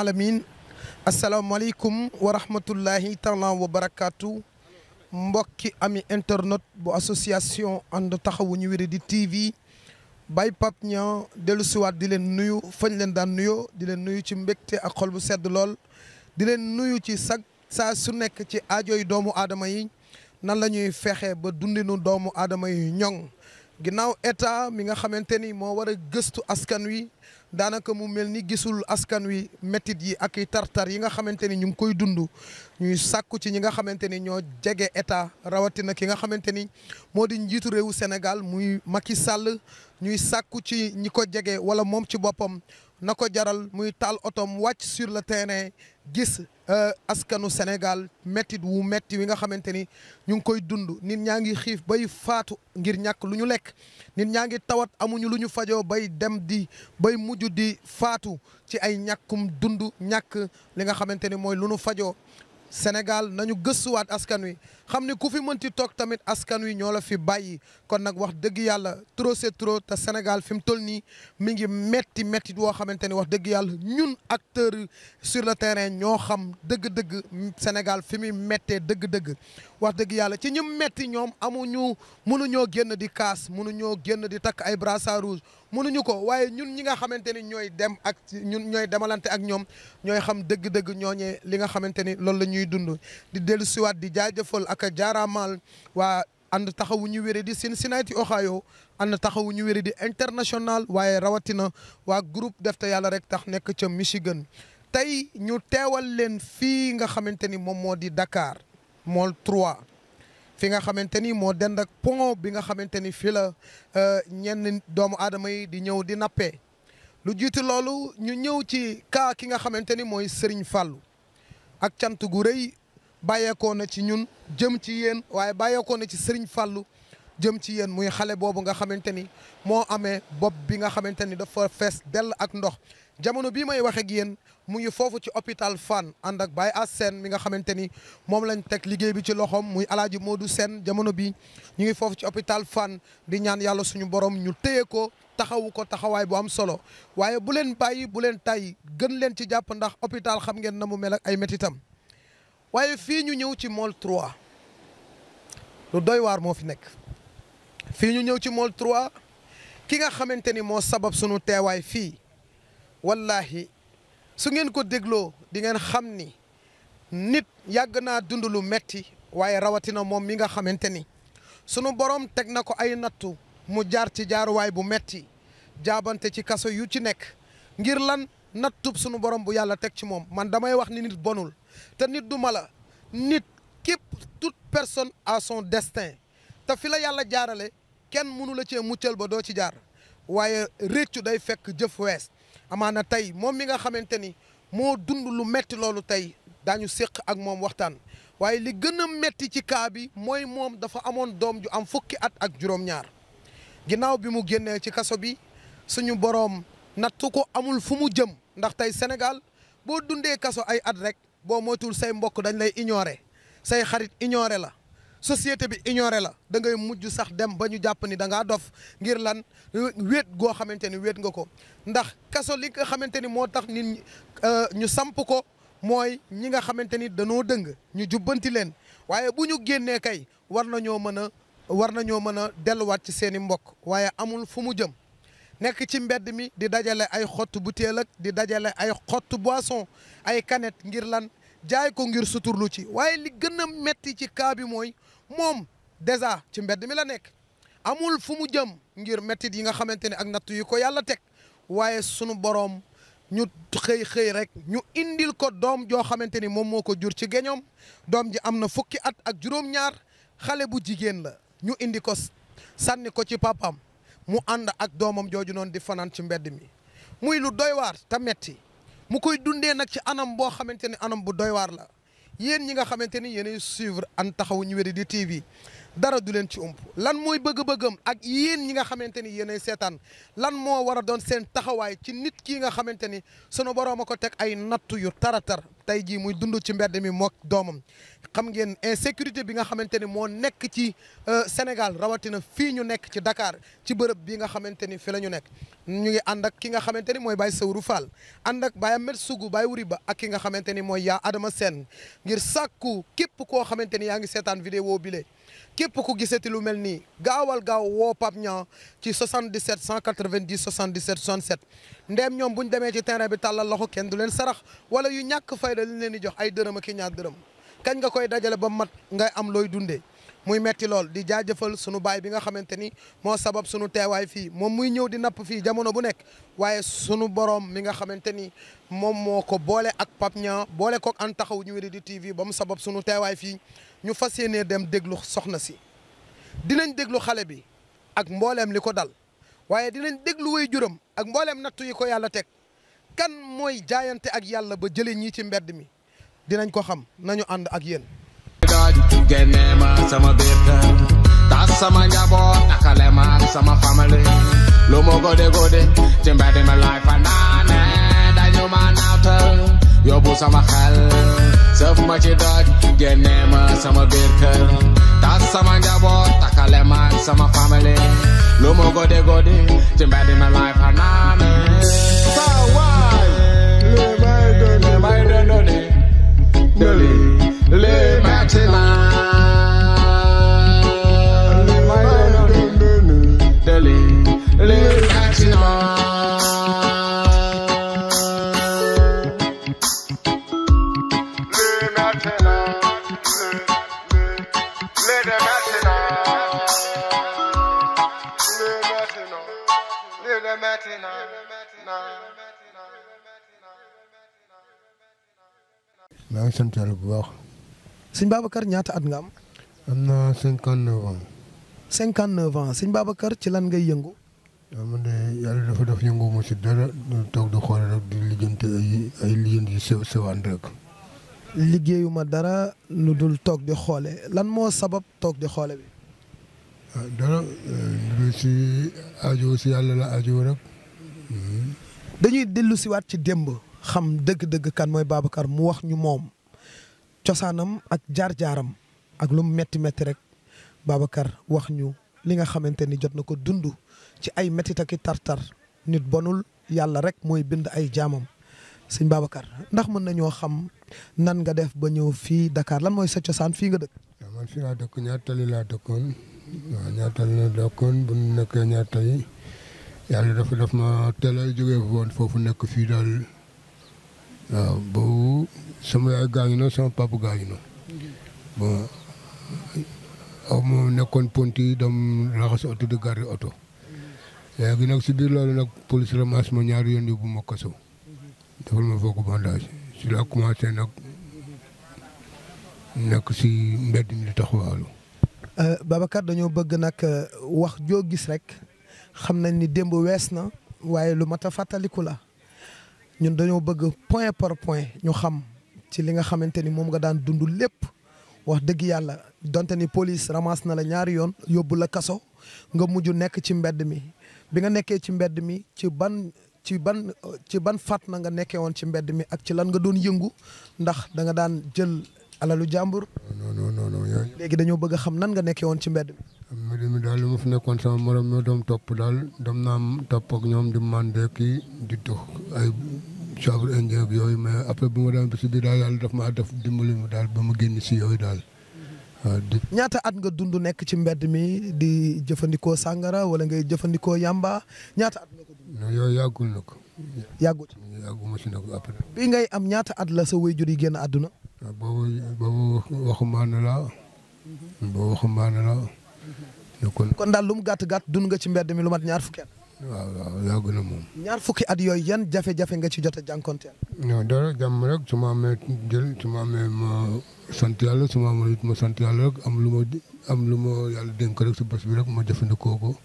alamin asalaamaaleykum wa rahmatullahi taala wa barakaatu mbokki ami internet bu association ànd taxawuñu ñu wéri di TV Baye Pape Niang dellusiwaat di leen nuyu fañ leen daan nuyoo di leen nuyu ci mbégte ak xol bu sedd lool di leen nuyu ci sag saa su nekk ci aajooy doomu aadama yi nan la ñuy fexe ba dundinu doomu aadama yi ñoŋ ginnaaw état mi nga xamante ni moo war a gëstu askan wi daanaka mu mel ni gisul askan wi métit yi ak i tartar yi nga xamante ni ñu ngi koy dund ñuy sàkku ci ñi nga xamante ni ñoo jege état rawatina ki nga xamante ni moo di njiitu réewu Sénégal muy Macky sàll ñuy sàkku ci ñi ko jege wala moom ci boppam na ko jaral muy taal otoom wàcc sur le terrain gis euh, askanu Sénégal méttit wu métti wi nga xamante ni ñu ngi koy dund nit ñaa ngi xiif bay faatu ngir ñàkk lu ñu lekk nit ñaa ngi tawat amuñu lu ñu fajoo bay dem di bay mujj di faatu ci ay ñàkkum dund ñàkk li nga xamante ni mooy lu ñu fajoo Sénégal nañu gëstuwaat askan wi xamni ku fi mënti tok tamit askan wi ñola fi bayyi kon nak wax deug yalla trop c'est trop ta Sénégal fim mu ni mi ngi metti metti woo xamanteni wax deug yalla ñun acteur sur le terrain ño xam deug deug Sénégal fimi muy deug deug wax deug yalla ci ñu metti ñoom amuñu ño genn di kaas ño genn di tak ay brassard rouge mënu ñuko waye ñun ñi nga xamanteni ñoy dem ak ñun ñoy demalante ak ñom ñoy xam deug deug ñoñe li nga xamanteni ni loolu dund di ci wat di jaajeufal ak barka jaaraamaal waa ànd taxawu ñu wéré di Cincinnati Ohio ànd taxawu ñu wéré di international waaye rawatina waa groupe def te yàlla rek tax nekk ca Michigan. tey ñu teewal leen fii nga xamante ni moom moo di Dakar Mall 3 fi nga xamante ni moo dend ak pont bi nga xamante ni fii la euh, ñenn doomu aadama yi di ñëw di nappee lu jiitu loolu ñu ñëw ci kaa ki nga xamante ni mooy Serigne Fallou ak cant gu rëy bàyyeekoon na ci ñun jëm ci yéen waaye bàyyeekoon na ci Serigne Fallou jëm ci yéen muy xale boobu nga xamante ni moo amee bopp bi nga xamante ni dafa fees dell ak ndox jamono bii may wax ak yéen mu ngi foofu ci hôpital Fann ànd ak Baye Ass Sène mi nga xamante ni moom lañ teg liggéey bi ci loxoom muy Alaaji du seen jamono bi ñu ngi foofu ci hôpital Fann di ñaan yàlla suñu borom ñu téye ko taxawu ko taxawaay bu am solo waaye bu leen bàyyi bu leen tàyyi gën leen ci jàpp ndax hôpital xam ngeen na mu mel ak ay métitam waaye fii ñu ñëw ci Môle 3 lu doy waar moo fi nekk fii ñu ñëw ci Môle troit ki nga xamante ni moo sabab sunu teewaay fii wallahi su ngeen ko dégloo di ngeen xam ni nit yàgg naa dund lu metti waaye rawatina moom mi nga xamante ni sunu borom teg na ko ay nattu mu jaar ci jaaruwaay bu metti jaabante ci kaso yu ci nekk ngir lan nattub sunu borom bu yàlla teg ci moom man damay wax ni nit bonul te nit du mala nit képp tout personne a son destin te fi la yàlla jaarale kenn mënula cee muccal ba doo ci jaar waaye réccu day fekk jëf wees amaana tey moom mi nga xamante ni moo dund lu metti loolu tey daañu séq ak moom waxtaan waaye li gën a metti ci kaa bi mooy moom dafa amoon doom ju am fukki at ak juróom-ñaar ginnaaw bi mu génnee ci kaso bi suñu boroom nattu ko amul fu mu jëm ndax tey Sénégal boo dundee kaso ay at rek boo moytuwul say mbokk dañ lay ignorer say xarit ignorer la société bi ignorer la da ngay mujj sax dem ba ñu jàpp ni da ngaa dof ngir lan wéet goo xamante ni wéet nga ko ndax kaso li nga xamante ni moo tax nit euh, ñu samp ko mooy ñi nga xamante ni danoo dëng ñu jubbanti leen waaye bu ñu génnee kay war nañoo mën a war nañoo mën a delluwaat ci seeni mbokk waaye amul fu mu jëm nekk ci mbedd mi di dajale ay xottu butéel ak di dajale ay xottu boisson ay kanet ngir lan jaay ko ngir suturlu ci waaye li gën a metti ci cas bi mooy moom dèjà ci mbedd mi la nekk amul fu mu jëm ngir mettit yi nga xamante ne ak natt yi ko yàlla teg waaye sunu boroom ñu xëy xëy rek ñu indil ko doom joo xamante ni moom moo ko jur ci géñoom doom ji am na fukki at ak juróom-ñaar xale bu jigéen la ñu indi ko sànni ko ci papaam mu ànd ak doomam jooju noonu di fanaan ci mbedd mi muy lu doywaar waar te metti mu koy dundee nag ci anam boo xamante ni anam bu doywaar la yéen ñi nga xamante ni yéenay suivre An Taxawu ñu Wéddi di TV dara du leen ci ump lan mooy bëgg-bëggam ak yéen ñi nga xamante ni yéenay seetaan lan moo war a doon seen taxawaay ci nit ki nga xamante ni sunu boroom a ko teg ay natt yu taratar tey jii muy dund ci mbedd mi mook doomam xam ngeen insécurité bi nga xamante ni moo nekk ci euh, Sénégal rawatina fii ñu nekk ci Dakar ci bërëb bi nga xamante ni fi la ñu nekk ñu ngi ànd ak ki nga xamante ni mooy Baye Sawru Fall ànd ak Baye Ahmed bay wuri ba ak ki nga xamante ni mooy yaa Adama Sène ngir sàkku képp koo xamante ni yaa ngi seetaan vidéo bi le képp ku gisati lu mel nii gaawal gaaw woo Pape Niang ci 77 190 77 67 ndeem ñoom bu ñu demee ci terrain bi tàllal loxo kenn du leen sarax wala yu ñàkk fayda li leen di jox ay dërëm ak i ñaar dërëm kañ nga koy dajale ba mat ngay am looy dundee muy metti lool di jaajëfal sunu baay bi nga xamante ni moo sabab sunu teewaay fii moom muy ñëw di napp fii jamono bu nekk waaye sunu borom mi nga xamante ni moom moo ko boole ak Pape Niang boole kook an taxaw ñu wéri di TV ba mu sabab sunu teewaay fii ñu fa yéenee dem déglu soxna si dinañ déglu xale bi ak mbooleem li ko dal waaye dinañ déglu way juram ak mbooleem nattu yi ko yàlla teg kan mooy jaayante ak yàlla ba jëlee ñii ci mbedd mi dinañ ko xam nañu ànd ak yéen daaju génnee ma sama bétta tas sama njaboot nakale ma sama famille lu gode gode ci mbedd mi laay fanaane dañu ma naawtal yóbbu sama xel sëf ma ci doj génnee ma sama biir kër tas sama njaboot takkale sama famille lu gode gode ci mbedd mi laay fanaane saa waay li maa ngi sant yàlla bu baax. sëñ Babacar ñaata at nga am. am na cinquante neuf ans. cinquante neuf ans sëñ ci lan ngay yëngu. waaw man de yàlla dafa def yëngu ma si dara toog di xool rek di lijjanti ay ay lijjanti yu dara lu dul toog di xoole lan moo sabab toog di xoole bi. Ah, dara eh, lu si aajo si yàlla la aajo rek. Hmm. dañuy dellu siwaat ci démb. xam deug deug kan moy babakar mu wax ñu mom ciosanam ak jar jaram ak lu metti metti rek babakar wax ñu li nga xamanteni jot nako dundu ci ay metti ak tartar nit bonul yalla rek moy bind ay jamam sëñ babakar ndax mën nañu xam nan nga def ba ñew fi Dakar lan moy sa ciosan fi nga dekk waaw fi la dekk ñaar tali la dekkon ñaar tali la dekkon bu ñaar tali yalla dafa def ma teel joge won fofu nekk fi dal waaw boobu sama yaay gaañu na sama papa gaañu na bon aw nekkoon ponti dem raxas oto di garé oto léegi nag si biir loolu nag police ramasse ma ñaari yoon yóbbu ma kaso defal ma foofu bandage si laa commencé nag nekk si mbedd mi di taxawaalu. Euh, Babacar dañoo bëgg nag euh, wax joo gis rek xam nañ ni démb wees na waaye lu mat a fàttaliku la. ñun dañoo bëgg point par point ñu xam ci li nga xamante ni moom nga daan dund lépp wax dëgg yàlla donte ni police ramasse na la ñaari yoon yóbbu la kaso nga mujj nekk ci mbedd mi bi nga nekkee ci mbedd mi ci ban ci ban ci ban fàtt na nga nekkee woon ci mbedd mi ak ci lan nga doon yëngu ndax da nga daan jël alalu jàmbur. non léegi dañoo bëgg xam nan nga nekkee woon ci mbedd mi. mu daal li mu fi nekkoon sama morom moo doom topp daal dem naa topp ñoom di mandé kii di dox ay sabre indien ak yooyu ma après bu ma daan bi si biir daal yàlla daf maa def dimbali mu daal ba ma génn si yooyu daal ñaata at nga dund nekk ci mbedd mi di jëfandikoo sàngara wala ngay jëfandikoo yàmba ñaata at yàggu ci yàggu ngay am ñaata at la sa waajur yi génn adduna boobu boobu mhm. boobu waxumaane kon dal lu gatt gatt gàtt dund nga ci mbedd mi lu mat ñaar fukki waaw waaw yàgg na mom ñaar fukki at yoy yeen jafé jafé nga ci jotta a non do jam rek suma me jël suma me ma sant yalla suma mo nit ma sant yalla rek am lu am lu ma yàlla dénk rek su bass bi rek ma jëfandikoo koko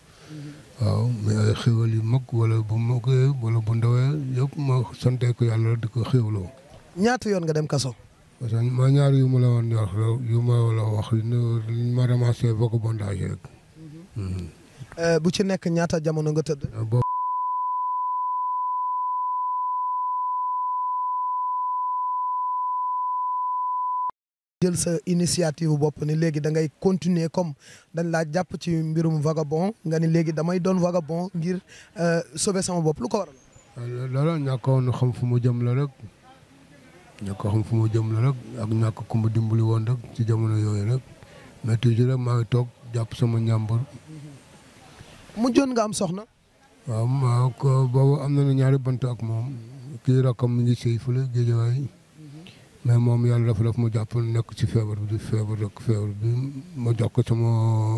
waaw me ay xewal yu mag wala bu mag wala bu ndawee yëpp ma santé ko yalla di ko xéwloo. yoon nga dem kaso. ñaar yu ma la woon wax yu ma la euh, bu ci nekk ñaata jamono nga tëdd. Ah, jël sa initiative bopp ni léegi da ngay continuer comme dañ laa jàpp ci mbirum vagabond nga ni léegi damay doon vagabond ngir euh, sauver sama bopp lu ko waral. loolu ah, ñàkkoon xam fu mu jëm la rek. ñoo ko fu mu jëm la rek ak ñàkk ku ma dimbali woon rek ci jamono yooyu rek mais toujours rek maa toog jàpp sama ñàmbur. jon nga am soxna. waaw maa ko boobu am nañu ñaari bant ak moom kii rakkam mi ngi sëy fële géejawaay mais moom yàlla dafa daf ma jàpp nekk ci feebar bi di feebar rek feebar bi ma jox ko sama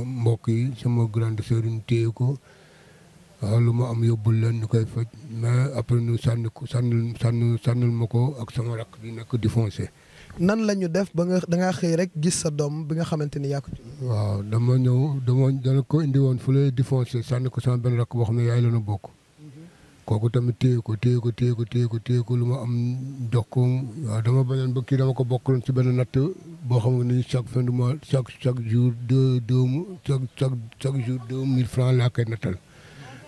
mbokk yi sama grande yi téye ko. waaw lu ma am yóbbul leen ñu koy faj mais après nu sànni ko sànnil sànni sànnil ma ko ak sama rakk nekk di foncé. nan la ñu def ba nga da ngaa xëy rek gis sa doom bi nga xamante ni yaa waaw dama ñëw dama dana ko indi woon fu lay défoncé sànni ko sama benn rakk boo xam ne yaay la bokk. Mhm. kooku tamit téye ko téye ko téye ko téye ko lu ma am jox ko waaw dama bañoon ba kii dama ko bokkaloon ci benn natt boo xam ni chaque fin de mois chaque jour deux deux chaque chaque chaque jour deux mille francs laa koy nattal.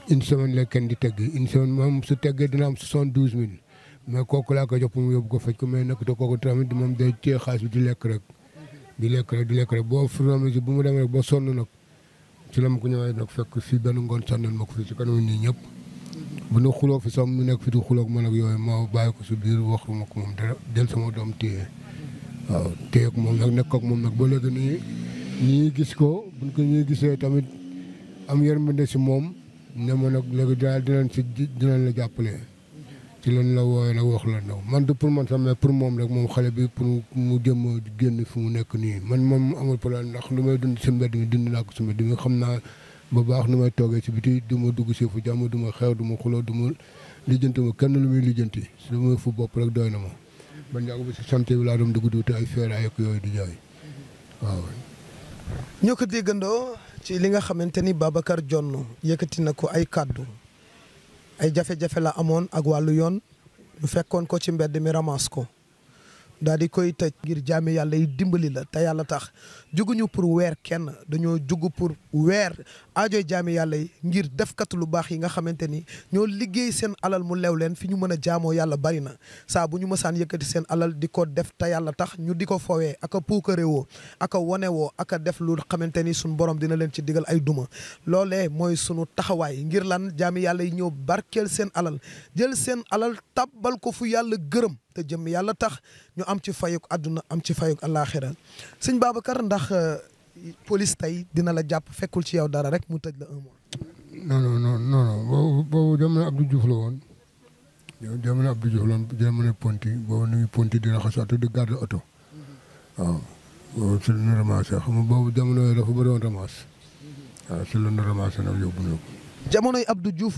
une semaine la kenn di tegg une semaine moom su teggee dina am soixante douze mille mais kooku laa koy jox pour mu yóbbu ko faj ko mais nag te kooku tamit moom day téye lekk rek. boo furame mu demee rek boo sonn nag ci la ma ko ñëwee nag fekk fii benn ngoon sànnoon ma ko fii ci kanamu nii ñëpp. bu ñu xuloo fi sax mu nekk fi di xuloo ak man ak yooyu ma bàyyi ko si biir ma ko moom dara sama doom téye waaw téye ko moom nag nekk ak moom nag ba léegi nii ñii gis ko buñ ko ñii gisee tamit am yërmande si moom. ne ma nag léegi dinaa dinañ la jàppale. ci lan la wooyee nag wax la ndaw man de pour man sax mais pour moom rek moom xale bi pour mu jëm génn fu mu nekk nii man moom amul problème ndax lu may dund si mbedd mi dund naa ko si mbedd xam naa ba baax nu may toogee si biti du ma dugg si fu jàmm duma ma xew du ma xuloo du ma lijjanti ma kenn lu muy lijjanti lu muy fu bopp rek doy na ma. man ñaar ba si santé bi laa doon dugg di wute ay feeraay ak yooyu di jaay waaw. ñoo ko déggandoo. ci li nga xamante ni Babacar Jonn yëkkati na ko ay kàddu ay jafe-jafe la amoon ak wàllu yoon ñu fekkoon ko ci mbedd mi ramas ko daal di koy tëj ngir jaami yàlla yi dimbali la te yàlla tax juguñu pour weer kenn dañoo jug pour weer aajoy jaami yàlla yi ngir defkat lu baax yi nga xamante ni ñoo liggéey seen alal mu lew leen fi ñu mën a jaamoo yàlla bari na saa bu ñu mësaan yëkkati seen alal di ko def te yàlla tax ñu di ko fowee aka puukare woo aka wone woo aka def lu xamante ni suñ borom dina leen ci digal ay duma loole mooy sunu taxawaay ngir lan jaami yàlla yi ñëw barkeel seen alal jël seen alal tabbal ko fu yàlla gërëm te jëm yàlla tax ñu am ci fayuk àdduna am ci fayuk àllaaxira police tey dina la jàpp fekkul ci yaw dara rek mu tëj la un mois. non non non non boobu boobu jamono Abdou Diouf la woon jamono Abdou Diouf la woon jamono Ponti boobu nu di raxas oto di garde oto waaw boobu si lu ñu boobu jamono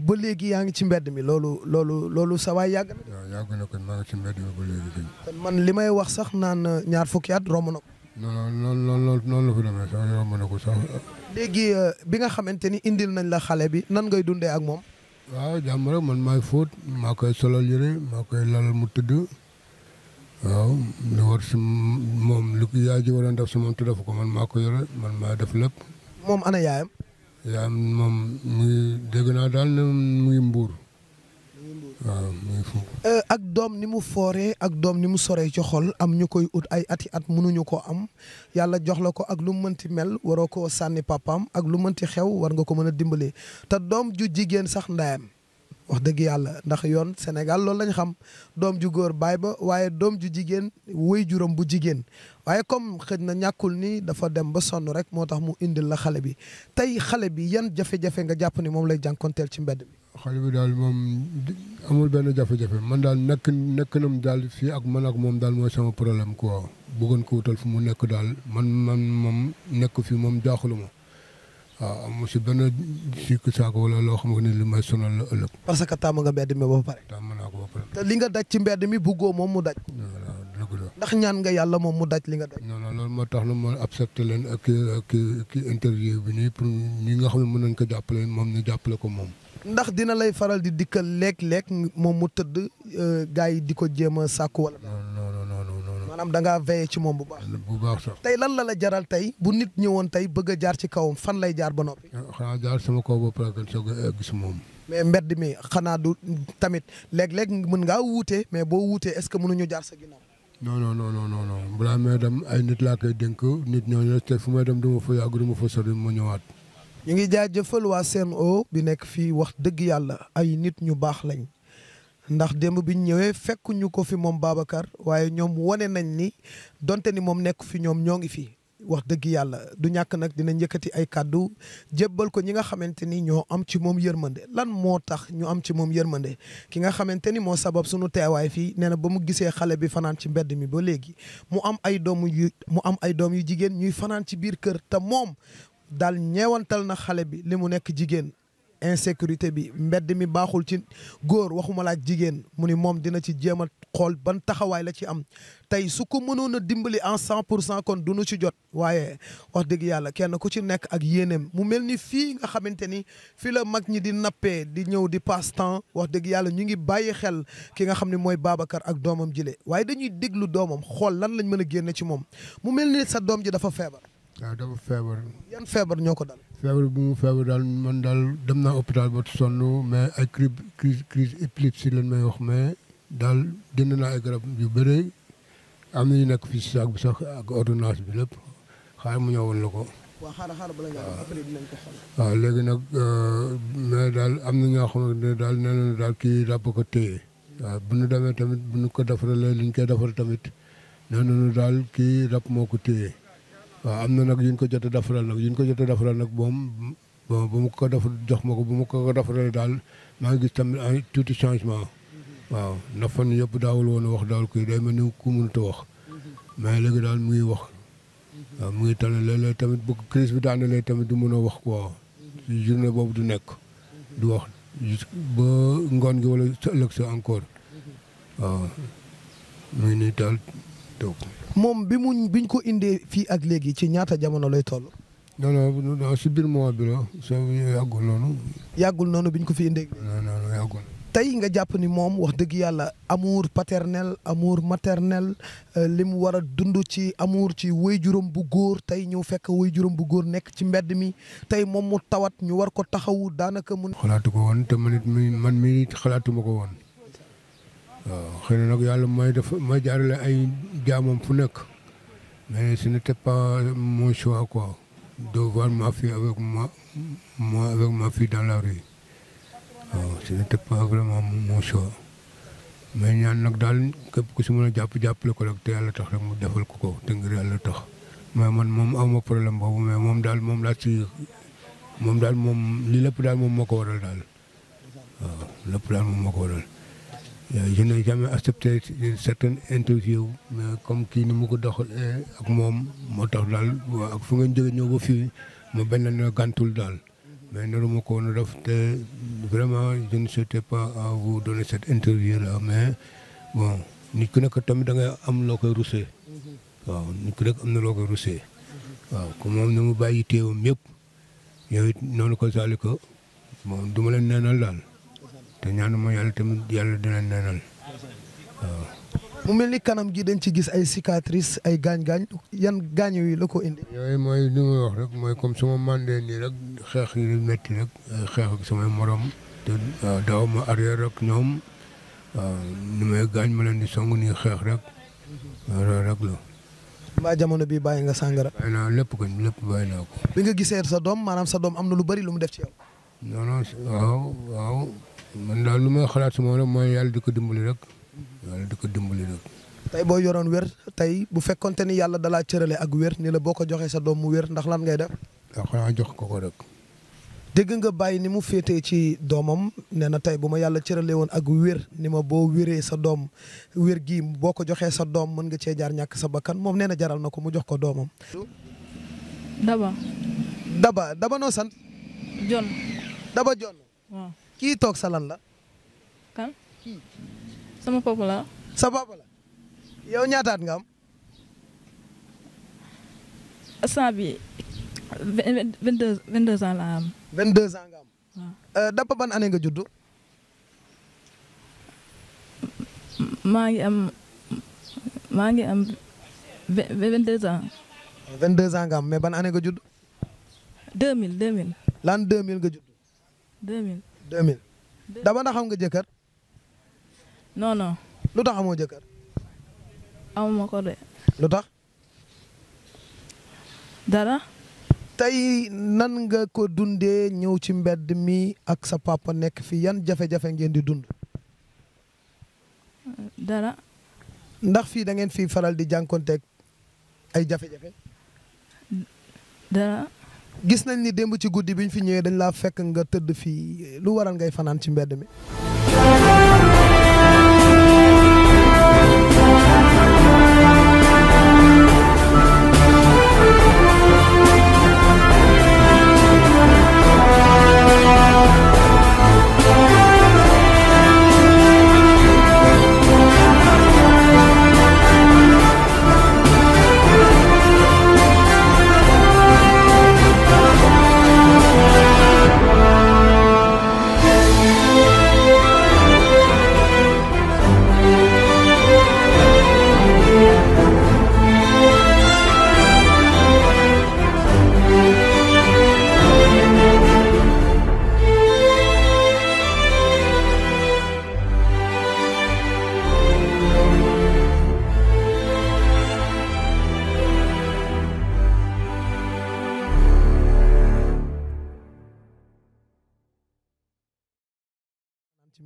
ba léegi yaa ngi ci mbedd mi loolu loolu loolu sa waay yàgg na. waaw maa ngi ci mbedd mi ba léegi. kon man li may wax sax naan ñaar fukki at romb non noonu la fi demee sax yomb na ko sax. léegi bi nga xamante ni indil nañ la xale bi nan ngay dundee ak moom. waaw jàmm rek man maay fóot maa koy solal yëre maa koy lalal mu tëdd. waaw li war si moom li yaay ji waroon def si moom te def ko man maa ko yore man maa def lépp. moom ana yaayam. yaayam moom mu ngi naa daal ne mu mbuur. waaw mu ngi doom ni mu fooree ak doom ni mu soree ci xol am ñu koy ut ay ati at mënuñu ko am yàlla jox la ko ak lu mënti mel waroo koo sànni papaam ak lu mënti xew war nga ko mën a dimbalee te doom ju jigéen sax ndayam wax dëgg yàlla ndax yoon Sénégal lool lañ xam doom ju góor baay ba waaye doom ju jigéen wéy juróom bu jigéen waaye comme xëj na ñàkkul ni dafa dem ba sonn rek moo tax mu indil la xale bi tey xale bi yan jafe-jafe nga jàpp ni moom lay jànkonteel ci mbedd mi xale bi daal moom amul benn jafe-jafe man daal nekk mu daal fii ak man ak moom daal mooy sama problème quoi bëggoon ko wutal fu mu nekk daal man man moom nekk fii moom jaaxaluma waaw ah, mu si loo xam ne li may sonal la que tàmm nga mbedd mi li nga daj ci mbedd mi buggoo moom mu daj. ndax ñaan nga yàlla moom mu daj li nga daj. non non loolu moo tax na ma accepté leen ak ki ak interview bi nii pour ñi nga xam ne mën nañ ko jàppale moom ñu jàppale ko moom. ndax dina lay faral di dikkal léeg-léeg moom mu tëdd euh, gars yi di ko jéem a sàkku wala. non non non maanaam da ngaa veillé ci moom bu baax. tey lan la la jaral tey bu nit ñëwoon tey bëgg a jaar ci kawam fan lay jaar ba noppi. Eh, xanaa jaar sama kaw ba pare soog gis moom. mais mbedd mi xanaa du tamit léeg-léeg mën ngaa wutee mais boo wuutee est-ce que mënuñu jaar sa ginnaaw. non non non non non dem ay nit laa koy dénk nit ñooñu te fu may dem du ma fa yàgg du ñëwaat. ñu ngi jaajëfal waa CNO bi nekk fii wax dëgg yàlla ay nit ñu baax lañ ndax démb bi ñëwee fekk ko fi moom Babacar waaye ñoom wane nañ ni donte ni moom nekk fi ñoom ñoo ngi fi wax dëgg yàlla du ñàkk nag dina njëkkati ay kàddu jébbal ko ñi nga xamante ni ñoo am ci moom yërmande lan moo tax ñu am ci moom yërmande ki nga xamante ni moo sabab sunu teewaay fii nee na ba mu gisee xale bi fanaan ci mbedd mi ba léegi mu am ay doom yu mu am ay doom yu jigéen ñuy fanaan ci biir kër te moom daal ñeewantal na xale bi li mu nekk jigéen insécurité bi mbedd mi baaxul ci góor waxuma laa jigéen mu ni moom dina ci jéemal xool ban taxawaay la ci am tey su ko mënoon a dimbali en cent pour cent kon du nu ci jot waaye wax dëgg yàlla kenn ku ci nekk ak yéeneem mu mel ni fii nga xamante ni fii la mag ñi di nappee di ñëw di passe temps wax dëgg yàlla ñu ngi bàyyi xel ki nga xam ne mooy Babacar ak doomam jile waaye dañuy déglu doomam xool lan lañ mën a génne ci moom mu mel ni sa doom ji dafa feebar. waaw dafa feebar. yan feebar ñoo ko dal. feebar bu mu feebar daal man dal dem naa hôpital ba sonn mais ay crise crise crise épilepsie may wax mais daal jënd naa ay garab yu bëre am na ñu nekk fii si saak bi lépp xaar mu ñëwoon la ko. waaw xaaral xaaral bala nga après dinañ ko xool. waaw léegi nag euh, mais daal am na ñoo xam ne daal nee nañu daal kii ràpp ko téye. waaw bu ñu demee tamit bu ñu ko defaralee li ñu koy defar tamit nee nañu daal kii ràpp moo ko téye. waaw am na nag yuñ ko jot a defaral nag yuñ ko jot a defaral nag moom bon bu ma ko def jox ma ko bu ma ko defaral daal maa ngi gis tamit ay tuuti changement waaw ndax fan yëpp daawul woon wax daal kuy day mel ni ku mënut a wax mais léegi daal mu ngi wax waaw mu ngi tane léeg-léeg tamit bu crise bi daanelee tamit du mën a wax quoi journée boobu du nekk du wax ba ngoon gi wala sa ëllëg sa encore waaw mu ngi nii daal moom bi mu bi ñu ko indee fii ak léegi ci ñaata jamono lay toll. non non si biir moment bi la soo yàggul noonu. yàggul noonu bi ñu ko fi indee. tey nga jàpp ni moom wax dëgg yàlla amuur paternel amuur maternel euh, li mu war a dund ci amour ci waajuram bu góor tey ñëw fekk juróom bu góor nekk ci mbedd mi tey moom mu tawat ñu war ko taxawu daanaka mun. xalaatu ko woon te man it man mii xalaatuma ko woon. waaw xëy na nag yàlla may def ma jaarale ay jaamam fu nekk ma ce n'était pas mon choix quoi de voir ma fille avec ma moi avec ma fille la rue waaw ce n'était pas ñaan nag daal képp ku si mën a jàpp jàppale ko rek te yàlla tax mu defal ko ko te ngir yàlla tax man moom awma problème boobu mais moom daal moom laa ci moom daal moom li lépp daal moom moo ko waral daal waaw lépp daal moom moo ko je n'ai jamais accepté une certaine interview mais euh, comme kii ni mu ko doxalee ak mom moo dal ak fu ngeen jógee ñoo ba fii ma benn na gantul dal mais noonu ma ko woon def te vraiment je ne souhaitais pas à vous donner cette interview là mais bon ni ko nekk tamit da nga am lo koy rusee waaw ni ko rek am na lo koy rusee waaw ko mom na mu bàyyi teewam yëpp yow it noonu ko saliko mom duma leen neenal dal te ñaanu ma yalla tamit yalla dina neenal mu melni kanam gi dañ ci gis ay cicatrices ay gañ gañ yan gañ yu lako indi. yoy moy li ma wax rek moy comme sama mandee ni rek xex yi metti rek xex ak sama morom te daaw ma arrière rek ñom waaw ni may gañ ma leen di songu ni xex rek rek la. mbaa jamono bi baye nga sangara bàyyi lepp lépp ko lépp bàyyi naa bi nga gisee sa dom manam sa dom amna lu bari lu mu def ci yow. non non waaw waaw. man daal lu may xalaat si moom rek yàlla di ko dimbali rek yàlla di ko dimbali rek. tey boo yoroon wér tey bu fekkonte ni yàlla dalaa cërale ak wér ni la boo ko joxee sa doom mu wér ndax lan ngay def. jox ko nga bàyyi ni mu féetee ci doomam nee na tey bu ma yàlla cërale woon ak wér ni ma boo wéree sa doom wér gii boo ko joxee sa doom mën nga cee jaar ñàkk sa bakkan moom nee na jaral na ko mu jox ko doomam. Daba. Daba Daba noo sant. Daba John. kii toog sa lan la. kan sama papa sa papa la yow ñaataat nga am. instant bi vingt deux vingt deux ans laa am. vingt deux ans nga am. Euh, ban année nga juddu. maa ngi am maa ngi am vingt deux ans. vingt deux ans nga am mais ban année nga judd. deux mille deux mille. l'an deux mille nga judd. deux mille. 2000 daba ndax xam nga No non non lu tax amoo jëkkër amuma ko de dara tay nan nga ko dundee ñëw ci mbedd mi ak sa papa nek fi yan jafe-jafe ngeen di dund dara ndax fi da ngeen fi faral di jànkonteeg ay jafe-jafe dara gis nañ ni démb ci guddi bi ñu fi ñëwee dañ laa fekk nga tëdd fii lu waral ngay fanaan ci mbedd mi.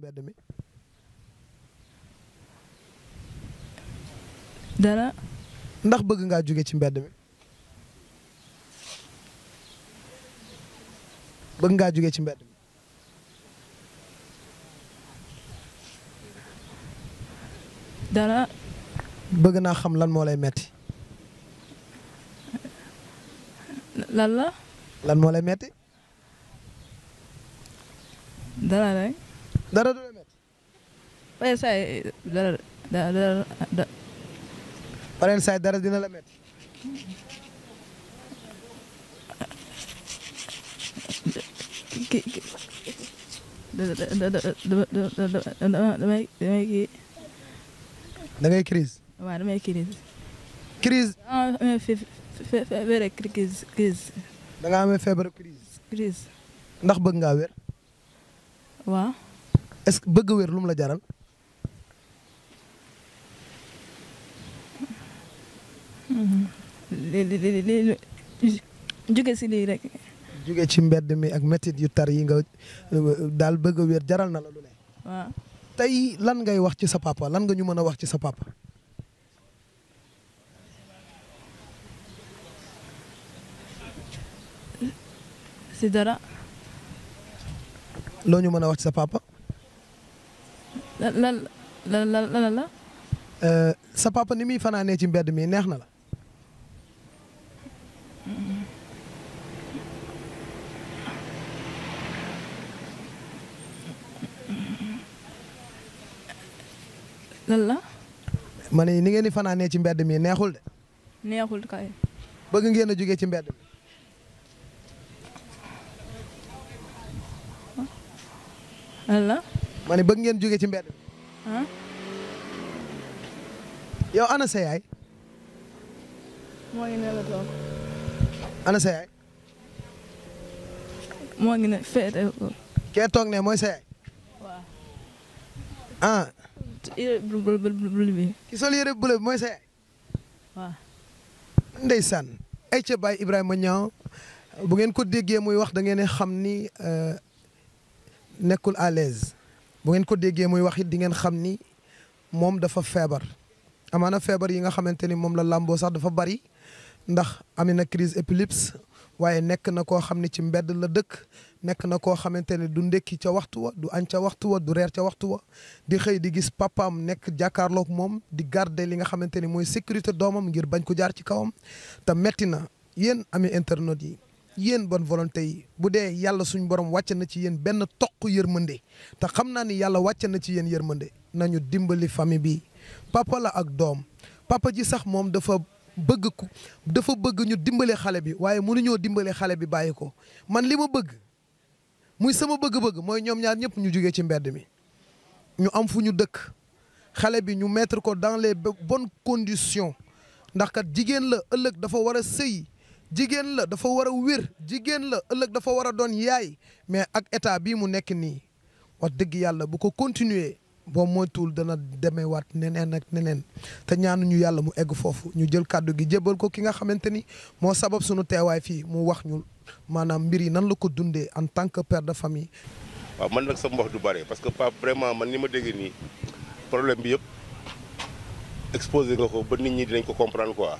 mbedd mi. dara. ndax bëgg ngaa jóge ci mbedd mi. bëgg ngaa jóge ci mbedd mi. dara. bëgg naa xam lan moo lay metti. lan la. lan moo lay metti. dara rek. dara du la métti. waaye saa yi dara dara dara. pareen saa yi dara dina la métti. ki ki da da damay damay kii. da ngay crise. waaw damay crise. crise. da nga amee feebar crise crise. da nga amee feebar crise. crise. ndax bëgg ngaa wér. waaw. est-ce que bëgg wér lu la jaral. li jóge si lii rek. jóge ci mbedd mi ak métit yu tar yi nga daal bëgg wér jaral na la lu ne. tey lan ngay wax ci sa papa lan nga ñu mën a wax ci sa papa. dara. loo ñu mën a wax ci sa papa. lan lan lan la. Euh, sa papa ni muy fanaanee ci mbedd mi neex na la. lan la. ma ne ni ngeen di fanaanee ci mbedd mi neexul de. neexul kay. bëgg ngeen a jógee ci mbedd mi. lan la. ma bëgg ngeen jóge ci mbedd yow ana sa yaay. moo ngi ne la toog. ana sa yaay. moo ngi ne féete ko. kee toog ne mooy sa yaay. waaw. ah. yére bleu bleu bi. ki sol yére bleu bi mooy sa yaay. waaw. ndeysaan. ay ca Baye Ibrahima Niang bu ngeen ko déggee mooy wax da ngeen ne xam ni euh, nekkul à l'aise bu ngeen ko déggee mooy wax it di ngeen xam ni moom dafa feebar amaana feebar yi nga xamante ni moom la làmboo sax dafa bari ndax amee na crise épilepsie waaye nekk na koo xam ne ci mbedd la dëkk nekk na koo xamante ne du ndekki ca waxtu wa du añ ca waxtu wa du reer ca waxtu wa di xëy di gis papaam nekk jàkkaarloog moom di garder li nga xamante ni mooy sécurité doomam ngir bañ ko jaar ci kawam te metti na yéen amee internet yi yéen bon volonté yi bu dee yàlla suñu borom wàcc na ci yéen benn toq yërmande te xam naa ni yàlla wàcc na ci yéen yërmande nañu dimbali famille bi papa la ak doom papa ji sax moom dafa bëgg ku dafa bëgg ñu dimbale xale bi waaye mënuñoo dimbale xale bi bàyyi ko man li ma bëgg muy sama bëgg-bëgg mooy ñoom ñëpp ñu jugee ci mbedd mi ñu am fu ñu dëkk xale bi ñu mettre ko dans les bonnes conditions ndax kat jigéen la ëllëg dafa war a sëy jigéen la dafa war a wér jigéen la ëllëg dafa war a doon yaay mais ak état bii mu nekk nii wax dëgg yàlla bu ko continuer boo moytuwul dana demewaat neneen ak neneen te ñu yàlla mu egg foofu ñu jël kàddu gi jébbal ko ki nga xamante ni moo sabab suñu teewaay fii mu wax ñu maanaam mbir yi nan la ko dundee en tant que per de famille. waa man nag sama wax du bare parce que pas vraiment man ni ma déggee nii problème bi yëpp exposé nga ko ba nit ñi dinañ ko comprendre quoi.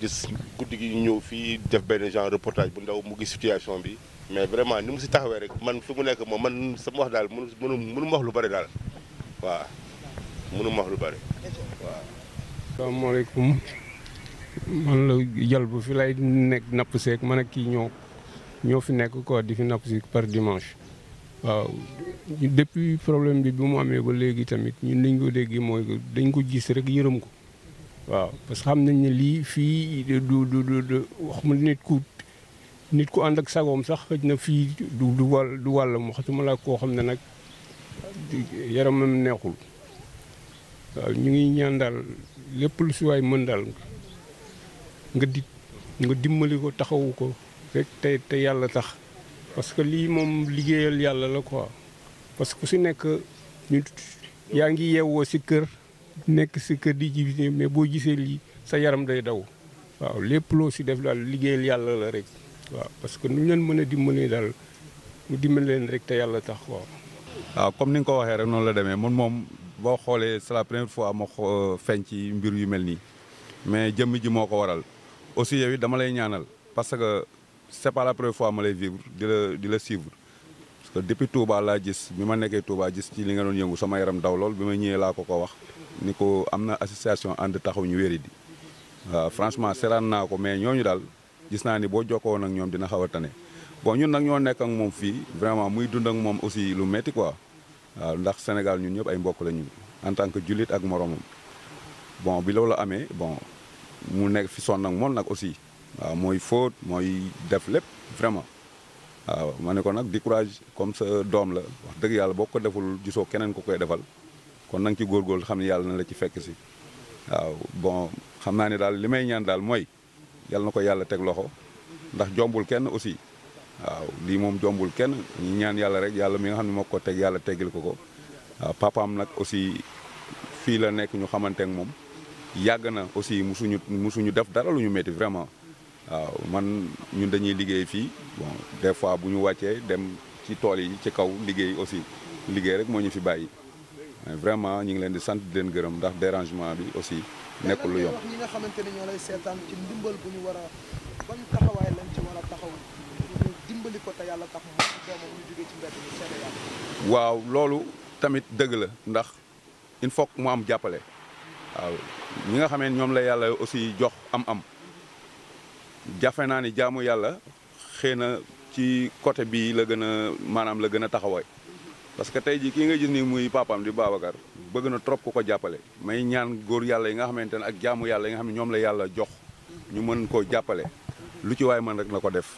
gis guddi gi ñëw fii def benn genre reportage bu ndaw mu gis situation bi mais vraiment ni mu si taxawee rek man fi mu nekk moom man sama wax daal mënu mënu mënu wax lu bari daal waa mënu wax lu bari waaw. asalaamaaleykum man la jal bu fi lay nekk napp seeg man ak kii ñëw ñoo fi nekk quoi di fi napp si par dimanche. waaw depuis problème bi bi mu amee ba léegi tamit ñun liñ ko déggee mooy dañ ko jiis rek yërëm ko. waaw parce que xam nañ ne lii fii du du du du wax ma nit ku nit ku ànd ak sagoom sax xëj na fii du du wàll du wàllam laa koo xam ne nag yaramam neexul waaw ñu ngi ñaan daal lépp lu si waay mën daal nga di nga dimbali ko taxawu ko rek te te yàlla tax parce que lii moom liggéeyal yàlla la ko parce que ku si nekk ñu yaa ngi yeewoo si kër nek ci keur di ji mais bo gisee li sa yaram day daw waaw lepp lo ci def dal liggéeyal yalla la rek waaw parce que nu ñu leen mën a dal daal mu dimbali leen rek te yalla tax waaw. waaw ah, comme ni nga ko waxee rek non la démé mon mom bo xolé c'est la première fois ma feeñ ci mbir yu melni mais jëm ji moko waral aussi yow dama lay ñaanal parce que c'est pas la première fois ma lay vivre di la di la suivre. parce que depuis Touba la gis bima ma Touba gis ci li nga doon yëngu sama yaram daw lol bima ñëwé la ko ko wax. Niko amna association and taxaw ñu wéré di waaw franchement seetaan naa ko mais ñoñu dal gis na ni joko won ak ñom dina xawa tané bo bon ñun nak ño nek ak mom fi vraiment muy dund ak mom aussi lu metti quoi waaw ndax Sénégal ñun ñëp ay mbokk la en tant que julit ak morom bon bi lolu amé bon mu nek fi son nak mom nak aussi waaw mooy fóot mooy def lepp vraiment waaw ma ko nak di courage comme ce dom la wax deug yalla boko deful gisoo kenen ko koy defal kon na ci góorgóorlu xam ne yàlla na la ci fekk si waaw bon xam naa ne daal li may ñaan daal mooy yàlla na ko yàlla teg loxo ndax jombul kenn aussi waaw lii moom jombul kenn ñu ñaan yàlla rek yàlla mi nga xam ne moo ko teg yàlla teggil ko ko waaw nag aussi fii la nekk ñu xamante ak moom yàgg na aussi musuñu musuñu def dara lu ñu métti vraiment waaw man ñun dañuy liggéey fii bon des fois bu ñu wàccee dem ci tool yi ci kaw liggéey aussi liggéey rek moo ñu fi bàyyi. vraiment ñu ngi leen di sant leen gërëm ndax dérangement bi aussi nekkul lu waaw loolu tamit dëgg la ndax il faut mu am jàppale. waaw ñi nga xamee ñoom la yàlla aussi jox am-am jafe naa ni jaamu yàlla xëy na ci côté bi la gën a maanaam la gën a taxawaay. parce que tey jii kii nga gis ni muy papaam di Babacar bëgg na trop ku ko jàppale may ñaan góor yàlla yi nga xamante ne ak jaamu yàlla yi nga xam ne ñoom la yàlla jox ñu mën koo jàppale lu ci waay mën rek na ko def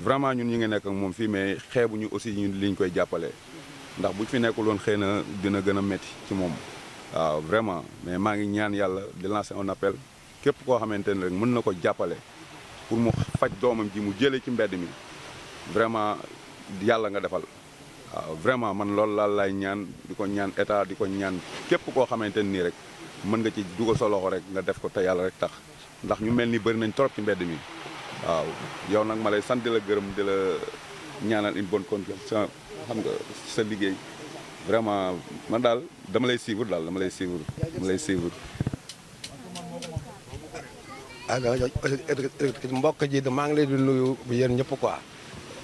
vraiment ñun ñu ngi nekk ak moom fii mais xeebuñu aussi ñu liñ koy jàppale ndax bu fi nekkul woon xëy na dina gën a métti ci moom waaw vraiment mais maa ngi ñaan yàlla di lancer un appel képp koo xamante ne rek mën na ko jàppale pour mu faj doomam ji mu jëlee ci mbedd mi vraiment yàlla nga defal Ah, vraiment man lool la lay ñaan diko ñaan état diko ñaan képp ko xamanteni ni rek mën nga ci duggal sa loxo rek nga def ko ta yalla rek tax ndax ñu melni bari nañ torop ci mbéd mi waaw yow nak ma lay sant di la gërëm di la ñaanal une bonne continuation xam nga sa liggéey vraiment man dal dama lay suivre dal dama lay suivre dama lay suivre mbokk ji ngi lay di nuyu bu ñëpp quoi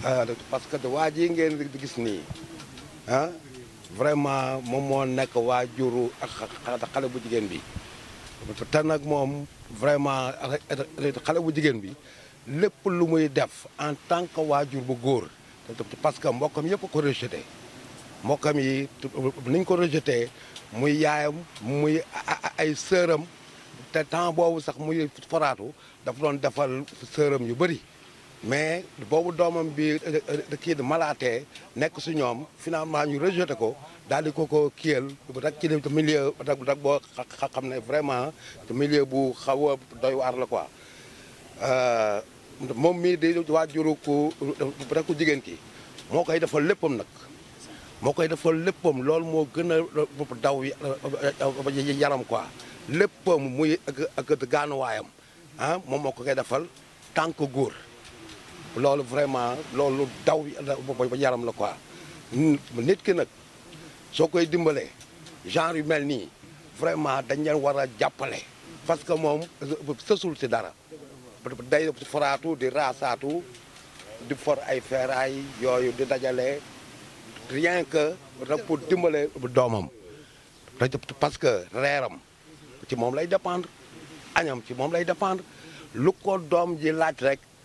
Euh, parce que waa ji ngeen di gis nii ah vraiment moom moo nekk waa juru ak xale bu jigéen bi te nag moom vraiment xale bu jigéen bi lépp lu muy def en tant que waajur bu góor parce que mbokkam yëpp ko rejeté mbokkam yi niñ ko rejeté muy yaayam muy ay sëram te temps boobu sax muy foraatu dafa doon defal sëram yu bëri mais boobu doomam bi euh, euh, euh, kii di malaate nekk si ñoom finalement ñu rejeté ko daal di ko ko kiyal rek ci milieu rek rek boo xam ne vraiment milieu bu xaw a doy waar la quoi moom mii di waajuru ku ku jigéen ki moo koy defal léppam nag moo koy defal léppam loolu moo gën a daw yaram quoi léppam muy ak ak gaanuwaayam ah moom moo ko koy defal tànk góor loolu vraiment loolu daw yaram la quoi nit ki nag soo koy dimbalee genre yu mel nii vraiment dañ leen war a jàppale parce que moom sësul si dara day foraatu di raasaatu di for ay feeraay yooyu di dajale rien que rek pour dimbale doomam parce que reeram ci moom lay dépendre añam ci moom lay depandre lu ko doom ji laaj rek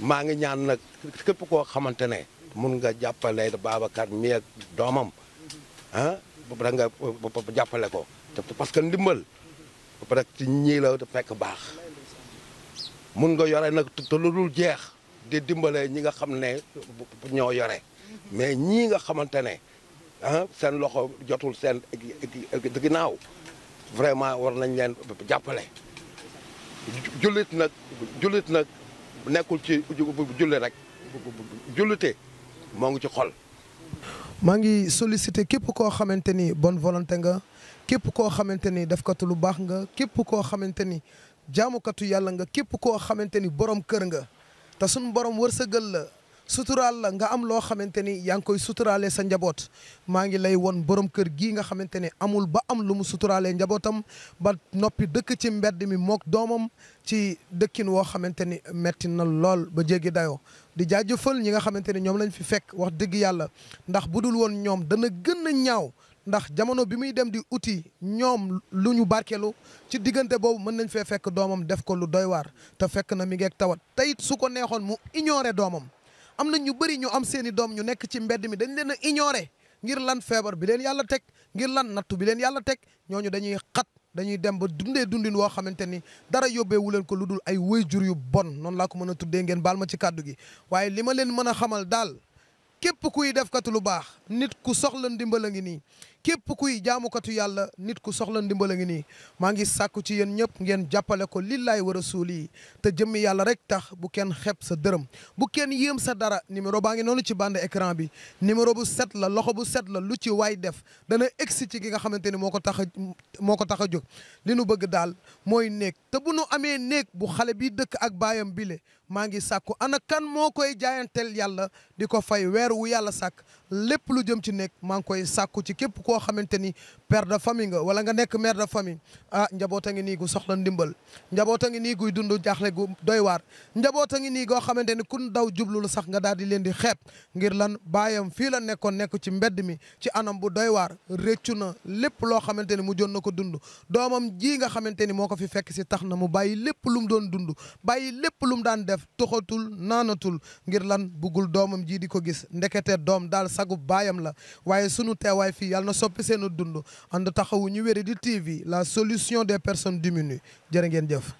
ma ngi ñaan nak képp ko xamantene ne mun nga jàppale babakar mi ak doomam ah ba nga jappalé ko parce que ndimbal ba rek ci ñi la fekk bax mun nga yoré nak te lu jeex di dimbalé ñi nga xamné ne ñoo yore mais ñi nga xamantene ne ah loxo jotul seen ginaaw vraiment war nañ len jappalé julit nak julit nak nekkul ci julli rek jullite moo ngi ci xol. maa ngi sollicité képp koo xamante ni bon volonté nga képp koo xamante ni def defkatu lu baax nga képp koo xamante ni jaamukatu yàlla nga képp koo xamante ni borom kër nga te borom wërsëgal suturaal la nga am loo xamante ni yaa ngi koy suturaalee sa njaboot maa ngi lay won borom kër gii nga xamante ne amul ba am lu mu suturaalee njabootam ba noppi dëkk ci mbedd mi mook doomam ci dëkkin woo xamante ni metti na lool ba jege dayoo di jaajëfal ñi nga xamante ni ñoom lañ fi fekk wax dëgg yàlla ndax bu dul woon ñoom dana gën a ñaaw ndax jamono bi muy dem di uti ñoom lu ñu barkeelu ci diggante boobu mën nañ fee fekk doomam def ko lu doy waar te fekk na mi ngeeg tawat teyit su ko neexoon mu ignorer doomam am na ñu bari ñu am seeni doom ñu nekk ci mbedd mi dañ leen a ignorer ngir lan feebar bi leen yàlla teg ngir lan nattu bi leen yàlla teg ñooñu dañuy xat dañuy dem ba dundee dundin woo xamante ni dara yóbbeewu leen ko lu dul ay waajur yu bon noonu laa ko mën a tuddee ngeen baal ma ci kàddu gi waaye li ma leen mën a xamal daal képp kuy def kat lu baax nit ku soxla ndimbal a ngi nii képp kuy jaamukatu yàlla nit ku soxla ndimbala a ngi nii maa ngi sàkku ci yéen ñëpp ngeen jàppale ko lillaay wa rasuul yi te jëmm yàlla rek tax bu kenn xepp sa dërëm bu kenn yéem sa dara numéro baa ngi noonu ci bande écran bi numéro bu set la loxo bu set la lu ci waay def dana egsi ci ki nga xamante ni moo ko tax a moo ko tax a jóg li nu bëgg daal mooy néeg te bu nu amee néeg bu xale bi dëkk ak baayam bile maa ngi sàkku ana kan moo koy jaayanteel yàlla di ko fay weer yàlla sàkk lépp lu jëm ci nekk maa ngi koy sàkku ci képp koo xamante ni père de famille nga wala nga nekk mère de ah, a ah njaboota ngi nii gu soxla ndimbal njaboota ngi nii guy dundu jaaxle gu doy waar njaboota ngi nii goo xamante ni kun daw jublul sax nga daal di leen di xeeb ngir lan baayam fii la nekkoon nekk ci mbedd mi ci anam bu doy waar réccu na lépp loo xamante ni mu joon na ko dund doomam ji nga xamante ni moo ko fi fekk si tax na mu bàyyi lépp lu mu doon dund bàyyi lépp lu mu daan def toxatul naanatul ngir lan buggul doomam ji di ko gis ndekete doom sagub bayam la waye sunu teewaay fi yàlla na soppi seenu dundu ànd taxawu ñu wéri di TV la solution des personnes diminuées jere ngeen jëf